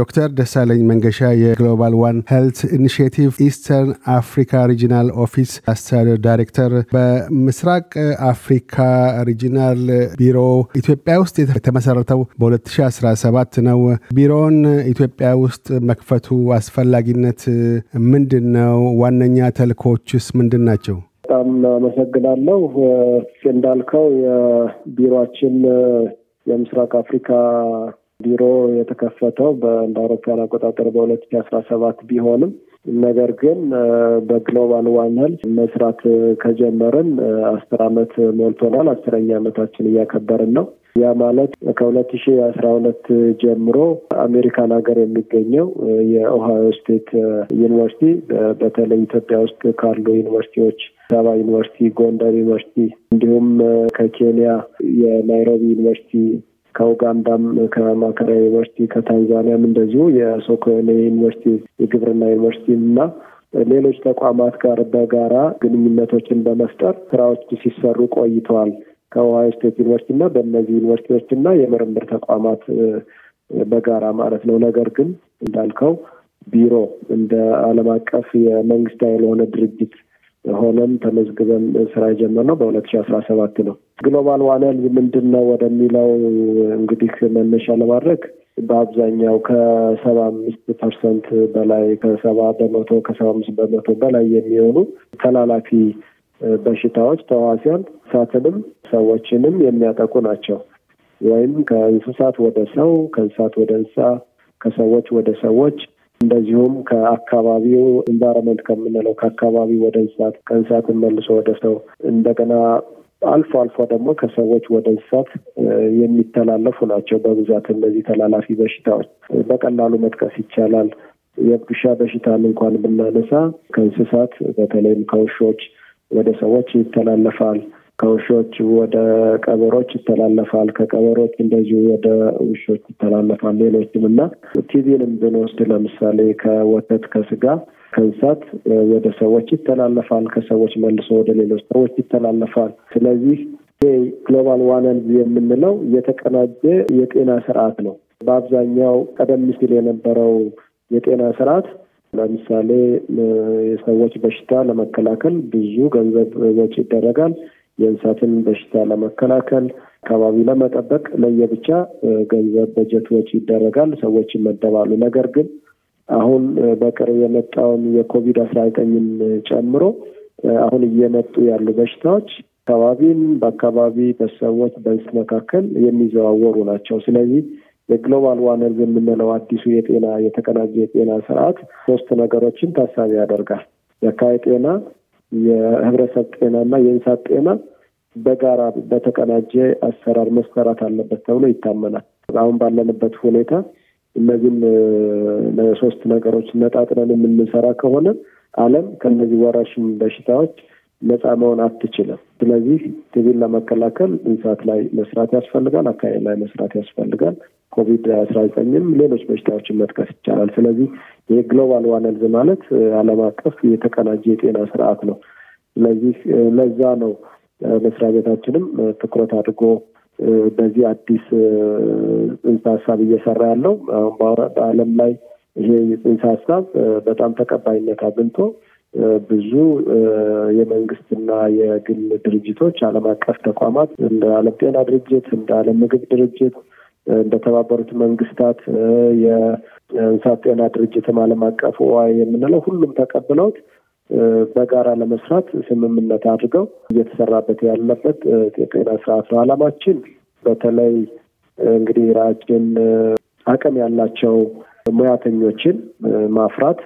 ዶክተር ደሳለኝ መንገሻ የግሎባል ዋን ሄልት ኢኒሽቲቭ ኢስተርን አፍሪካ ሪጂናል ኦፊስ አስተዳደር ዳይሬክተር፣ በምስራቅ አፍሪካ ሪጂናል ቢሮ ኢትዮጵያ ውስጥ የተመሰረተው በ2017 ነው። ቢሮውን ኢትዮጵያ ውስጥ መክፈቱ አስፈላጊነት ምንድን ነው? ዋነኛ ተልእኮዎችስ ምንድን ናቸው? በጣም አመሰግናለሁ። እንዳልከው የቢሮችን የምስራቅ አፍሪካ ቢሮ የተከፈተው እንደ አውሮፓውያን አቆጣጠር በሁለት ሺ አስራ ሰባት ቢሆንም ነገር ግን በግሎባል ዋን ሄልዝ መስራት ከጀመርን አስር አመት ሞልቶናል። አስረኛ አመታችን እያከበርን ነው። ያ ማለት ከሁለት ሺ አስራ ሁለት ጀምሮ አሜሪካን ሀገር የሚገኘው የኦሃዮ ስቴት ዩኒቨርሲቲ በተለይ ኢትዮጵያ ውስጥ ካሉ ዩኒቨርሲቲዎች ሰባ ዩኒቨርሲቲ፣ ጎንደር ዩኒቨርሲቲ እንዲሁም ከኬንያ የናይሮቢ ዩኒቨርሲቲ ከኡጋንዳም ከማከራ ዩኒቨርሲቲ ከታንዛኒያም እንደዚሁ የሶኮኔ ዩኒቨርሲቲ የግብርና ዩኒቨርሲቲ እና ሌሎች ተቋማት ጋር በጋራ ግንኙነቶችን በመፍጠር ስራዎች ሲሰሩ ቆይተዋል። ከኦሃዮ ስቴት ዩኒቨርሲቲ እና በእነዚህ ዩኒቨርሲቲዎች እና የምርምር ተቋማት በጋራ ማለት ነው። ነገር ግን እንዳልከው ቢሮ እንደ ዓለም አቀፍ የመንግስት ያልሆነ ድርጅት ሆነን ተመዝግበን ስራ የጀመርነው በሁለት ሺ አስራ ሰባት ነው። ግሎባል ዋን ሄልዝ ምንድን ነው ወደሚለው እንግዲህ መነሻ ለማድረግ በአብዛኛው ከሰባ አምስት ፐርሰንት በላይ ከሰባ በመቶ ከሰባ አምስት በመቶ በላይ የሚሆኑ ተላላፊ በሽታዎች ተዋሲያን እንስሳትንም ሰዎችንም የሚያጠቁ ናቸው። ወይም ከእንስሳት ወደ ሰው፣ ከእንስሳት ወደ እንስሳ፣ ከሰዎች ወደ ሰዎች እንደዚሁም ከአካባቢው ኢንቫይሮመንት ከምንለው ከአካባቢ ወደ እንስሳት ከእንስሳትን መልሶ ወደ ሰው እንደገና አልፎ አልፎ ደግሞ ከሰዎች ወደ እንስሳት የሚተላለፉ ናቸው። በብዛት እነዚህ ተላላፊ በሽታዎች በቀላሉ መጥቀስ ይቻላል። የእብድ በሽታን እንኳን ብናነሳ ከእንስሳት በተለይም ከውሾች ወደ ሰዎች ይተላለፋል። ከውሾች ወደ ቀበሮች ይተላለፋል። ከቀበሮች እንደዚሁ ወደ ውሾች ይተላለፋል። ሌሎችም እና ቲቪንም ብንወስድ ለምሳሌ ከወተት ከስጋ ከእንስሳት ወደ ሰዎች ይተላለፋል። ከሰዎች መልሶ ወደ ሌሎች ሰዎች ይተላለፋል። ስለዚህ ግሎባል ዋን የምንለው የተቀናጀ የጤና ስርዓት ነው። በአብዛኛው ቀደም ሲል የነበረው የጤና ስርዓት ለምሳሌ የሰዎች በሽታ ለመከላከል ብዙ ገንዘብ ወጪ ይደረጋል። የእንስሳትን በሽታ ለመከላከል አካባቢ ለመጠበቅ ለየብቻ ገንዘብ በጀት ወጪ ይደረጋል፣ ሰዎች ይመደባሉ። ነገር ግን አሁን በቅርብ የመጣውን የኮቪድ አስራ ዘጠኝን ጨምሮ አሁን እየመጡ ያሉ በሽታዎች አካባቢን በአካባቢ በሰዎች በእንስሳት መካከል የሚዘዋወሩ ናቸው። ስለዚህ የግሎባል ዋነር የምንለው አዲሱ የጤና የተቀናጀ የጤና ስርዓት ሶስት ነገሮችን ታሳቢ ያደርጋል። የአካባቢ ጤና፣ የህብረተሰብ ጤናና የእንስሳት ጤና በጋራ በተቀናጀ አሰራር መሰራት አለበት ተብሎ ይታመናል። አሁን ባለንበት ሁኔታ እነዚህም ሶስት ነገሮች ነጣጥለን የምንሰራ ከሆነ ዓለም ከነዚህ ወረርሽኝ በሽታዎች ነፃ መሆን አትችልም። ስለዚህ ቲቪን ለመከላከል እንስሳት ላይ መስራት ያስፈልጋል፣ አካባቢ ላይ መስራት ያስፈልጋል። ኮቪድ አስራ ዘጠኝም ሌሎች በሽታዎችን መጥቀስ ይቻላል። ስለዚህ ይህ ግሎባል ዋን ሄልዝ ማለት ዓለም አቀፍ የተቀናጀ የጤና ስርዓት ነው። ስለዚህ ለዛ ነው መስሪያ ቤታችንም ትኩረት አድርጎ በዚህ አዲስ ጽንሰ ሀሳብ እየሰራ ያለው በዓለም ላይ ይሄ ጽንሰ ሀሳብ በጣም ተቀባይነት አግኝቶ ብዙ የመንግስትና የግል ድርጅቶች ዓለም አቀፍ ተቋማት እንደ ዓለም ጤና ድርጅት፣ እንደ ዓለም ምግብ ድርጅት፣ እንደተባበሩት መንግስታት የእንስሳት ጤና ድርጅትም ዓለም አቀፍ ዋ የምንለው ሁሉም ተቀብለውት በጋራ ለመስራት ስምምነት አድርገው እየተሰራበት ያለበት የጤና ስርዓት ነው። ዓላማችን በተለይ እንግዲህ ራጅን አቅም ያላቸው ሙያተኞችን ማፍራት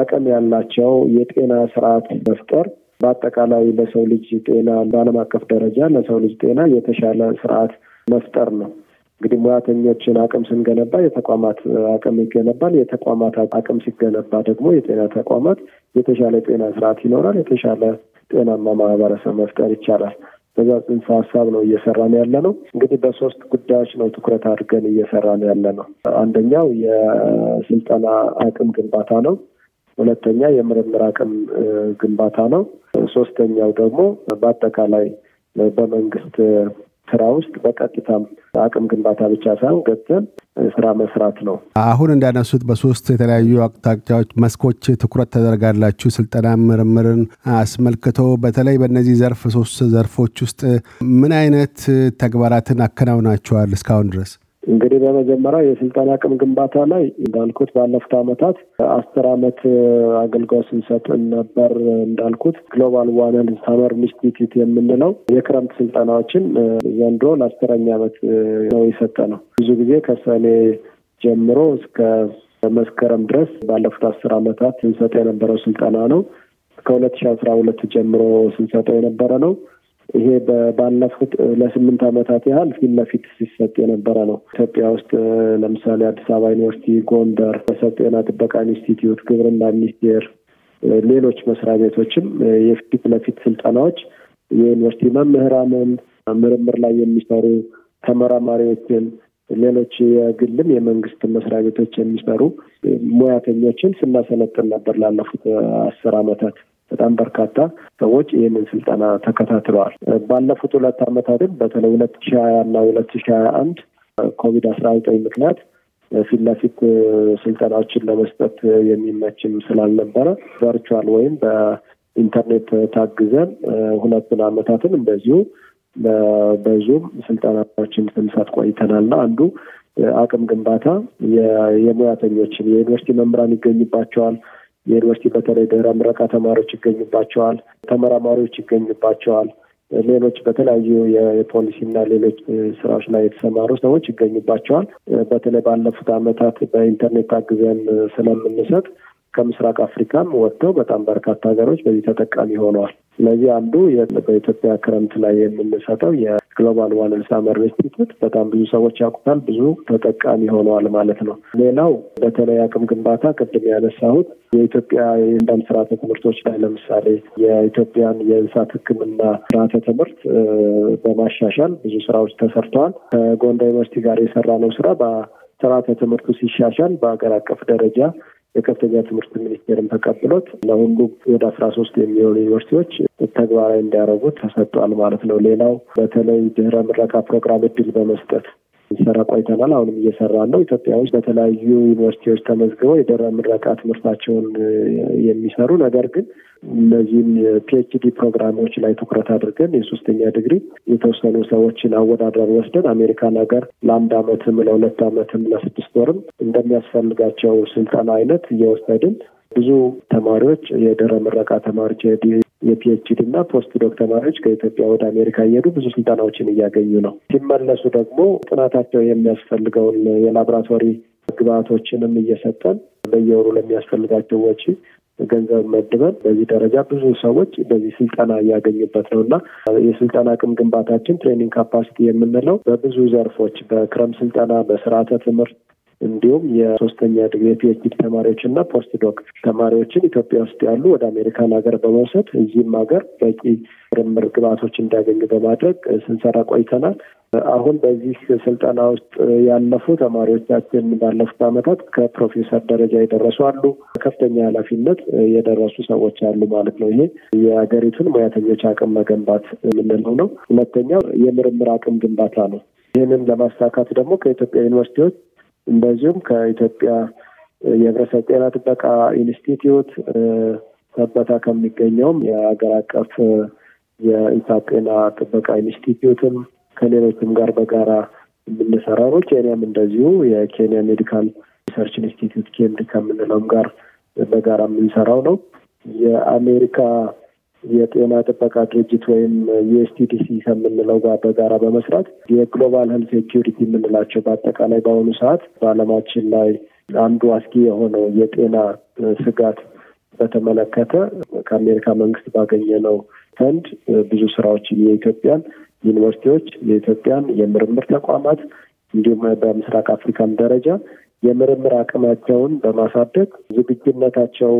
አቅም ያላቸው የጤና ስርዓት መፍጠር በአጠቃላይ ለሰው ልጅ ጤና በዓለም አቀፍ ደረጃ ለሰው ልጅ ጤና የተሻለ ስርዓት መፍጠር ነው። እንግዲህ ሙያተኞችን አቅም ስንገነባ የተቋማት አቅም ይገነባል። የተቋማት አቅም ሲገነባ ደግሞ የጤና ተቋማት የተሻለ ጤና ስርዓት ይኖራል። የተሻለ ጤናማ ማህበረሰብ መፍጠር ይቻላል። በዛ ጽንሰ ሀሳብ ነው እየሰራን ያለ ነው። እንግዲህ በሶስት ጉዳዮች ነው ትኩረት አድርገን እየሰራን ያለ ነው። አንደኛው የስልጠና አቅም ግንባታ ነው። ሁለተኛ የምርምር አቅም ግንባታ ነው። ሶስተኛው ደግሞ በአጠቃላይ በመንግስት ስራ ውስጥ በቀጥታም አቅም ግንባታ ብቻ ሳይሆን ገብተን ስራ መስራት ነው። አሁን እንዳነሱት በሶስት የተለያዩ አቅጣጫዎች መስኮች ትኩረት ተደርጋላችሁ። ስልጠና፣ ምርምርን አስመልክቶ በተለይ በእነዚህ ዘርፍ ሶስት ዘርፎች ውስጥ ምን አይነት ተግባራትን አከናውናችኋል እስካሁን ድረስ? እንግዲህ በመጀመሪያ የስልጠና አቅም ግንባታ ላይ እንዳልኩት ባለፉት ዓመታት አስር ዓመት አገልግሎት ስንሰጥ ነበር። እንዳልኩት ግሎባል ዋነል ሳመር ኢንስቲትዩት የምንለው የክረምት ስልጠናዎችን ዘንድሮ ለአስረኛ ዓመት ነው የሰጠ ነው። ብዙ ጊዜ ከሰኔ ጀምሮ እስከ መስከረም ድረስ ባለፉት አስር ዓመታት ስንሰጠ የነበረው ስልጠና ነው። ከሁለት ሺ አስራ ሁለት ጀምሮ ስንሰጠው የነበረ ነው። ይሄ ባለፉት ለስምንት ዓመታት ያህል ፊት ለፊት ሲሰጥ የነበረ ነው። ኢትዮጵያ ውስጥ ለምሳሌ አዲስ አበባ ዩኒቨርሲቲ፣ ጎንደር በሰብ ጤና ጥበቃ ኢንስቲትዩት፣ ግብርና ሚኒስቴር፣ ሌሎች መስሪያ ቤቶችም የፊት ለፊት ስልጠናዎች የዩኒቨርሲቲ መምህራንን፣ ምርምር ላይ የሚሰሩ ተመራማሪዎችን፣ ሌሎች የግልም የመንግስት መስሪያ ቤቶች የሚሰሩ ሙያተኞችን ስናሰለጥን ነበር ላለፉት አስር ዓመታት። በጣም በርካታ ሰዎች ይህንን ስልጠና ተከታትለዋል። ባለፉት ሁለት ዓመታትን በተለይ ሁለት ሺ ሀያ እና ሁለት ሺ ሀያ አንድ ኮቪድ አስራ ዘጠኝ ምክንያት ፊት ለፊት ስልጠናዎችን ለመስጠት የሚመችም ስላልነበረ ቨርቹዋል ወይም በኢንተርኔት ታግዘን ሁለቱን ዓመታትን እንደዚሁ በዙም ስልጠናዎችን ስንሰጥ ቆይተናልና አንዱ አቅም ግንባታ የሙያተኞችን የዩኒቨርሲቲ መምህራን ይገኝባቸዋል። የዩኒቨርሲቲ በተለይ ድህረ ምረቃ ተማሪዎች ይገኙባቸዋል፣ ተመራማሪዎች ይገኙባቸዋል፣ ሌሎች በተለያዩ የፖሊሲና ሌሎች ስራዎች ላይ የተሰማሩ ሰዎች ይገኙባቸዋል። በተለይ ባለፉት አመታት በኢንተርኔት ታግዘን ስለምንሰጥ ከምስራቅ አፍሪካም ወጥተው በጣም በርካታ ሀገሮች በዚህ ተጠቃሚ ሆነዋል። ስለዚህ አንዱ በኢትዮጵያ ክረምት ላይ የምንሰጠው የግሎባል ዋንል ሳመር ኢንስቲትዩት በጣም ብዙ ሰዎች ያውቁታል፣ ብዙ ተጠቃሚ ሆነዋል ማለት ነው። ሌላው በተለይ አቅም ግንባታ ቅድም ያነሳሁት የኢትዮጵያ የአንዳንድ ስርዓተ ትምህርቶች ላይ ለምሳሌ የኢትዮጵያን የእንስሳት ሕክምና ስርዓተ ትምህርት በማሻሻል ብዙ ስራዎች ተሰርተዋል። ከጎንደር ዩኒቨርሲቲ ጋር ነው ስራ በስርዓተ ትምህርቱ ሲሻሻል በሀገር አቀፍ ደረጃ የከፍተኛ ትምህርት ሚኒስቴርን ተቀብሎት ለሁሉ ወደ አስራ ሶስት የሚሆኑ ዩኒቨርሲቲዎች ተግባራዊ እንዲያደርጉት ተሰጥቷል ማለት ነው። ሌላው በተለይ ድህረ ምረቃ ፕሮግራም እድል በመስጠት ሰራ ቆይተናል። አሁንም እየሰራ ነው። ኢትዮጵያ ውስጥ በተለያዩ ዩኒቨርሲቲዎች ተመዝግበው የድህረ ምረቃ ትምህርታቸውን የሚሰሩ ነገር ግን እነዚህም ፒኤችዲ ፕሮግራሞች ላይ ትኩረት አድርገን የሶስተኛ ዲግሪ የተወሰኑ ሰዎችን አወዳደር ወስደን አሜሪካን ሀገር ለአንድ አመትም ለሁለት አመትም ለስድስት ወርም እንደሚያስፈልጋቸው ስልጠና አይነት እየወሰድን ብዙ ተማሪዎች የድህረ ምረቃ ተማሪዎች የፒኤችዲ እና ፖስት ዶክ ተማሪዎች ከኢትዮጵያ ወደ አሜሪካ እየሄዱ ብዙ ስልጠናዎችን እያገኙ ነው። ሲመለሱ ደግሞ ጥናታቸው የሚያስፈልገውን የላቦራቶሪ ግብአቶችንም እየሰጠን በየወሩ ለሚያስፈልጋቸው ወጪ ገንዘብ መድበን በዚህ ደረጃ ብዙ ሰዎች በዚህ ስልጠና እያገኙበት ነው እና የስልጠና አቅም ግንባታችን ትሬኒንግ ካፓሲቲ የምንለው በብዙ ዘርፎች በክረም ስልጠና፣ በስርዓተ ትምህርት እንዲሁም የሶስተኛ ዲግሪ ፒኤችዲ ተማሪዎች እና ፖስት ዶክ ተማሪዎችን ኢትዮጵያ ውስጥ ያሉ ወደ አሜሪካን ሀገር በመውሰድ እዚህም ሀገር በቂ ምርምር ግብዓቶች እንዲያገኙ በማድረግ ስንሰራ ቆይተናል። አሁን በዚህ ስልጠና ውስጥ ያለፉ ተማሪዎቻችን ባለፉት ዓመታት ከፕሮፌሰር ደረጃ የደረሱ አሉ፣ ከፍተኛ ኃላፊነት የደረሱ ሰዎች አሉ ማለት ነው። ይሄ የሀገሪቱን ሙያተኞች አቅም መገንባት የምንለው ነው። ሁለተኛው የምርምር አቅም ግንባታ ነው። ይህንን ለማሳካት ደግሞ ከኢትዮጵያ ዩኒቨርሲቲዎች እንደዚሁም ከኢትዮጵያ የህብረተሰብ ጤና ጥበቃ ኢንስቲትዩት ሰበታ ከሚገኘውም የሀገር አቀፍ የእንስሳት ጤና ጥበቃ ኢንስቲትዩትም ከሌሎችም ጋር በጋራ የምንሰራ ነው። ኬንያም እንደዚሁ የኬንያ ሜዲካል ሪሰርች ኢንስቲትዩት ኬምድ ከምንለውም ጋር በጋራ የምንሰራው ነው። የአሜሪካ የጤና ጥበቃ ድርጅት ወይም ዩኤስቲዲሲ ከምንለው ጋር በጋራ በመስራት የግሎባል ሄልት ሴኪሪቲ የምንላቸው በአጠቃላይ በአሁኑ ሰዓት በዓለማችን ላይ አንዱ አስጊ የሆነው የጤና ስጋት በተመለከተ ከአሜሪካ መንግስት ባገኘነው ፈንድ ብዙ ስራዎችን የኢትዮጵያን ዩኒቨርሲቲዎች የኢትዮጵያን የምርምር ተቋማት እንዲሁም በምስራቅ አፍሪካን ደረጃ የምርምር አቅማቸውን በማሳደግ ዝግጁነታቸው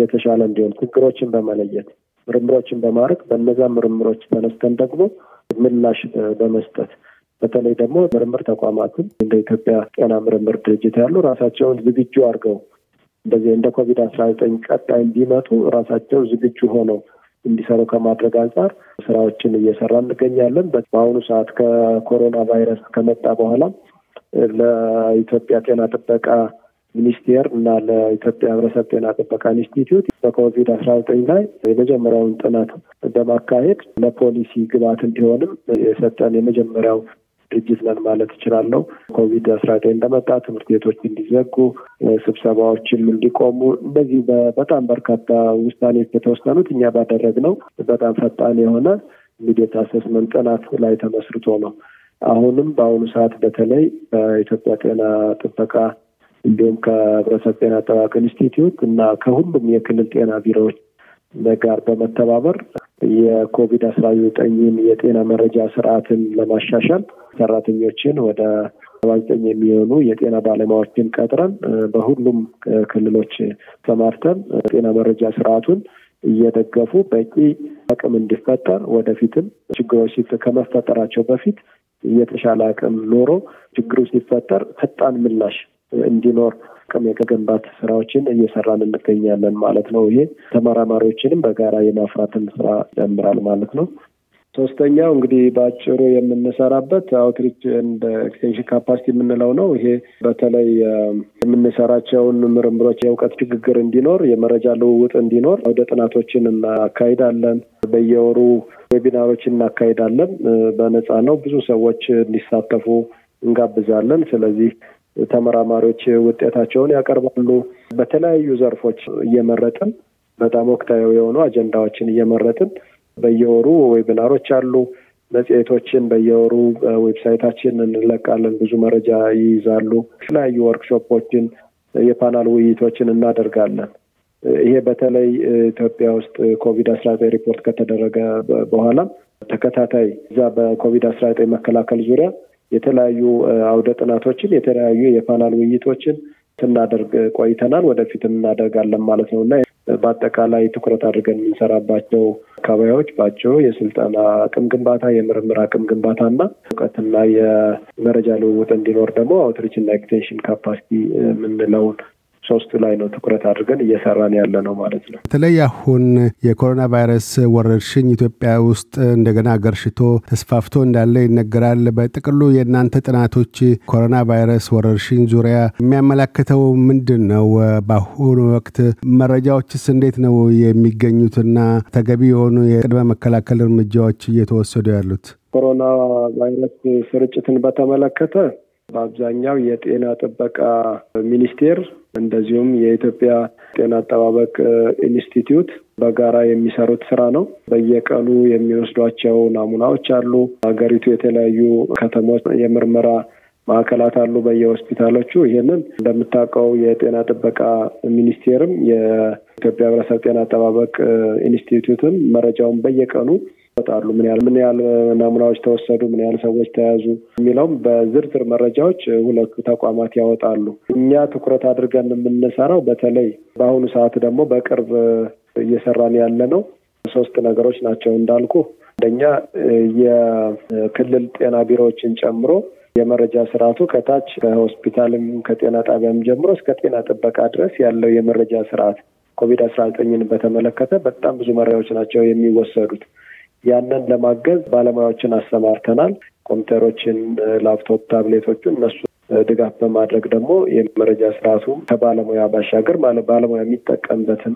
የተሻለ እንዲሆን ችግሮችን በመለየት ምርምሮችን በማድረግ በነዛ ምርምሮች ተነስተን ደግሞ ምላሽ በመስጠት በተለይ ደግሞ ምርምር ተቋማትን እንደ ኢትዮጵያ ጤና ምርምር ድርጅት ያሉ ራሳቸውን ዝግጁ አድርገው እንደዚህ እንደ ኮቪድ አስራ ዘጠኝ ቀጣይ እንዲመጡ ራሳቸው ዝግጁ ሆነው እንዲሰሩ ከማድረግ አንጻር ስራዎችን እየሰራ እንገኛለን። በአሁኑ ሰዓት ከኮሮና ቫይረስ ከመጣ በኋላ ለኢትዮጵያ ጤና ጥበቃ ሚኒስቴር እና ለኢትዮጵያ ህብረሰብ ጤና ጥበቃ ኢንስቲትዩት በኮቪድ አስራ ዘጠኝ ላይ የመጀመሪያውን ጥናት በማካሄድ ለፖሊሲ ግብዓት እንዲሆንም የሰጠን የመጀመሪያው ድርጅት ነን ማለት እችላለሁ። ኮቪድ አስራ ዘጠኝ እንደመጣ ትምህርት ቤቶች እንዲዘጉ፣ ስብሰባዎችም እንዲቆሙ እንደዚህ በጣም በርካታ ውሳኔዎች የተወሰኑት እኛ ባደረግነው በጣም ፈጣን የሆነ ኢሚዲየት አሰስመንት ጥናት ላይ ተመስርቶ ነው። አሁንም በአሁኑ ሰዓት በተለይ በኢትዮጵያ ጤና ጥበቃ እንዲሁም ከህብረተሰብ ጤና አጠባበቅ ኢንስቲትዩት እና ከሁሉም የክልል ጤና ቢሮዎች ጋር በመተባበር የኮቪድ አስራ ዘጠኝን የጤና መረጃ ስርዓትን ለማሻሻል ሰራተኞችን ወደ ሰባ ዘጠኝ የሚሆኑ የጤና ባለሙያዎችን ቀጥረን በሁሉም ክልሎች ተማርተን ጤና መረጃ ስርዓቱን እየደገፉ በቂ አቅም እንዲፈጠር ወደፊትም ችግሮች ከመፈጠራቸው በፊት የተሻለ አቅም ኖሮ ችግሩ ሲፈጠር ፈጣን ምላሽ እንዲኖር አቅም የመገንባት ስራዎችን እየሰራን እንገኛለን ማለት ነው። ይሄ ተመራማሪዎችንም በጋራ የማፍራትን ስራ ጀምራል ማለት ነው። ሶስተኛው እንግዲህ በአጭሩ የምንሰራበት አውትሪች እንደ ኤክስቴንሽን ካፓሲቲ የምንለው ነው። ይሄ በተለይ የምንሰራቸውን ምርምሮች የእውቀት ሽግግር እንዲኖር፣ የመረጃ ልውውጥ እንዲኖር ወደ ጥናቶችን እናካሂዳለን። በየወሩ ዌቢናሮችን እናካሂዳለን። በነፃ ነው። ብዙ ሰዎች እንዲሳተፉ እንጋብዛለን። ስለዚህ ተመራማሪዎች ውጤታቸውን ያቀርባሉ። በተለያዩ ዘርፎች እየመረጥን በጣም ወቅታዊ የሆኑ አጀንዳዎችን እየመረጥን በየወሩ ዌቢናሮች አሉ። መጽሔቶችን በየወሩ ዌብሳይታችን እንለቃለን። ብዙ መረጃ ይይዛሉ። የተለያዩ ወርክሾፖችን፣ የፓናል ውይይቶችን እናደርጋለን። ይሄ በተለይ ኢትዮጵያ ውስጥ ኮቪድ አስራ ዘጠኝ ሪፖርት ከተደረገ በኋላም ተከታታይ እዛ በኮቪድ አስራ ዘጠኝ መከላከል ዙሪያ የተለያዩ አውደ ጥናቶችን የተለያዩ የፓናል ውይይቶችን ስናደርግ ቆይተናል። ወደፊት እናደርጋለን ማለት ነው እና በአጠቃላይ ትኩረት አድርገን የምንሰራባቸው አካባቢዎች ባቸው የስልጠና አቅም ግንባታ፣ የምርምር አቅም ግንባታ እና እውቀትና የመረጃ ልውውጥ እንዲኖር ደግሞ አውትሪች እና ኤክቴንሽን ካፓሲቲ የምንለውን ሶስቱ ላይ ነው ትኩረት አድርገን እየሰራን ያለ ነው ማለት ነው። በተለይ አሁን የኮሮና ቫይረስ ወረርሽኝ ኢትዮጵያ ውስጥ እንደገና አገርሽቶ ተስፋፍቶ እንዳለ ይነገራል። በጥቅሉ የእናንተ ጥናቶች ኮሮና ቫይረስ ወረርሽኝ ዙሪያ የሚያመላክተው ምንድን ነው? በአሁኑ ወቅት መረጃዎችስ እንዴት ነው የሚገኙትና ተገቢ የሆኑ የቅድመ መከላከል እርምጃዎች እየተወሰዱ ያሉት? ኮሮና ቫይረስ ስርጭትን በተመለከተ በአብዛኛው የጤና ጥበቃ ሚኒስቴር እንደዚሁም የኢትዮጵያ ጤና አጠባበቅ ኢንስቲትዩት በጋራ የሚሰሩት ስራ ነው። በየቀኑ የሚወስዷቸው ናሙናዎች አሉ። ሀገሪቱ የተለያዩ ከተሞች የምርመራ ማዕከላት አሉ በየሆስፒታሎቹ። ይህንን እንደምታውቀው የጤና ጥበቃ ሚኒስቴርም የኢትዮጵያ ሕብረተሰብ ጤና አጠባበቅ ኢንስቲትዩትም መረጃውን በየቀኑ ይወጣሉ። ምን ያህል ምን ያህል ናሙናዎች ተወሰዱ፣ ምን ያህል ሰዎች ተያዙ የሚለውም በዝርዝር መረጃዎች ሁለቱ ተቋማት ያወጣሉ። እኛ ትኩረት አድርገን የምንሰራው በተለይ በአሁኑ ሰዓት ደግሞ በቅርብ እየሰራን ያለ ነው ሶስት ነገሮች ናቸው እንዳልኩ አንደኛ የክልል ጤና ቢሮዎችን ጨምሮ የመረጃ ስርዓቱ ከታች ከሆስፒታልም ከጤና ጣቢያም ጀምሮ እስከ ጤና ጥበቃ ድረስ ያለው የመረጃ ስርዓት ኮቪድ አስራ ዘጠኝን በተመለከተ በጣም ብዙ መረጃዎች ናቸው የሚወሰዱት። ያንን ለማገዝ ባለሙያዎችን አሰማርተናል። ኮምፒውተሮችን፣ ላፕቶፕ፣ ታብሌቶችን እነሱ ድጋፍ በማድረግ ደግሞ የመረጃ ስርዓቱ ከባለሙያ ባሻገር ባለሙያ የሚጠቀምበትን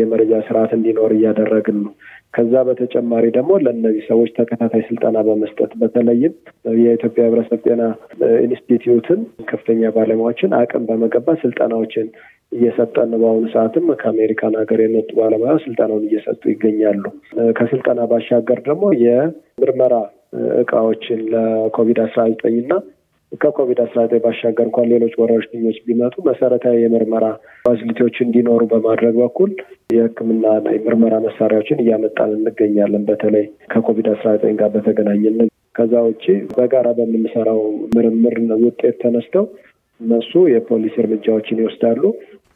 የመረጃ ስርዓት እንዲኖር እያደረግን ነው። ከዛ በተጨማሪ ደግሞ ለእነዚህ ሰዎች ተከታታይ ስልጠና በመስጠት በተለይም የኢትዮጵያ ሕብረተሰብ ጤና ኢንስቲትዩትን ከፍተኛ ባለሙያዎችን አቅም በመገባት ስልጠናዎችን እየሰጠን በአሁኑ ሰዓትም ከአሜሪካን ሀገር የመጡ ባለሙያ ስልጠናውን እየሰጡ ይገኛሉ። ከስልጠና ባሻገር ደግሞ የምርመራ እቃዎችን ለኮቪድ አስራ ዘጠኝ እና ከኮቪድ አስራ ዘጠኝ ባሻገር እንኳን ሌሎች ወረርሽኞች ቢመጡ መሰረታዊ የምርመራ ፋሲሊቲዎች እንዲኖሩ በማድረግ በኩል የሕክምና የምርመራ መሳሪያዎችን እያመጣን እንገኛለን። በተለይ ከኮቪድ አስራ ዘጠኝ ጋር በተገናኘን ከዛ ውጭ በጋራ በምንሰራው ምርምር ውጤት ተነስተው እነሱ የፖሊሲ እርምጃዎችን ይወስዳሉ።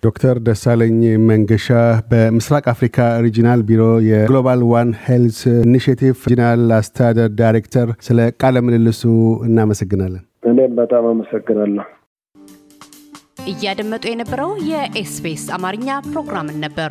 ዶክተር ደሳለኝ መንገሻ በምስራቅ አፍሪካ ሪጂናል ቢሮ የግሎባል ዋን ሄልስ ኢኒሽቲቭ ሪጂናል አስተዳደር ዳይሬክተር፣ ስለ ቃለ ምልልሱ እናመሰግናለን። እኔም በጣም አመሰግናለሁ። እያደመጡ የነበረው የኤስቢኤስ አማርኛ ፕሮግራምን ነበር።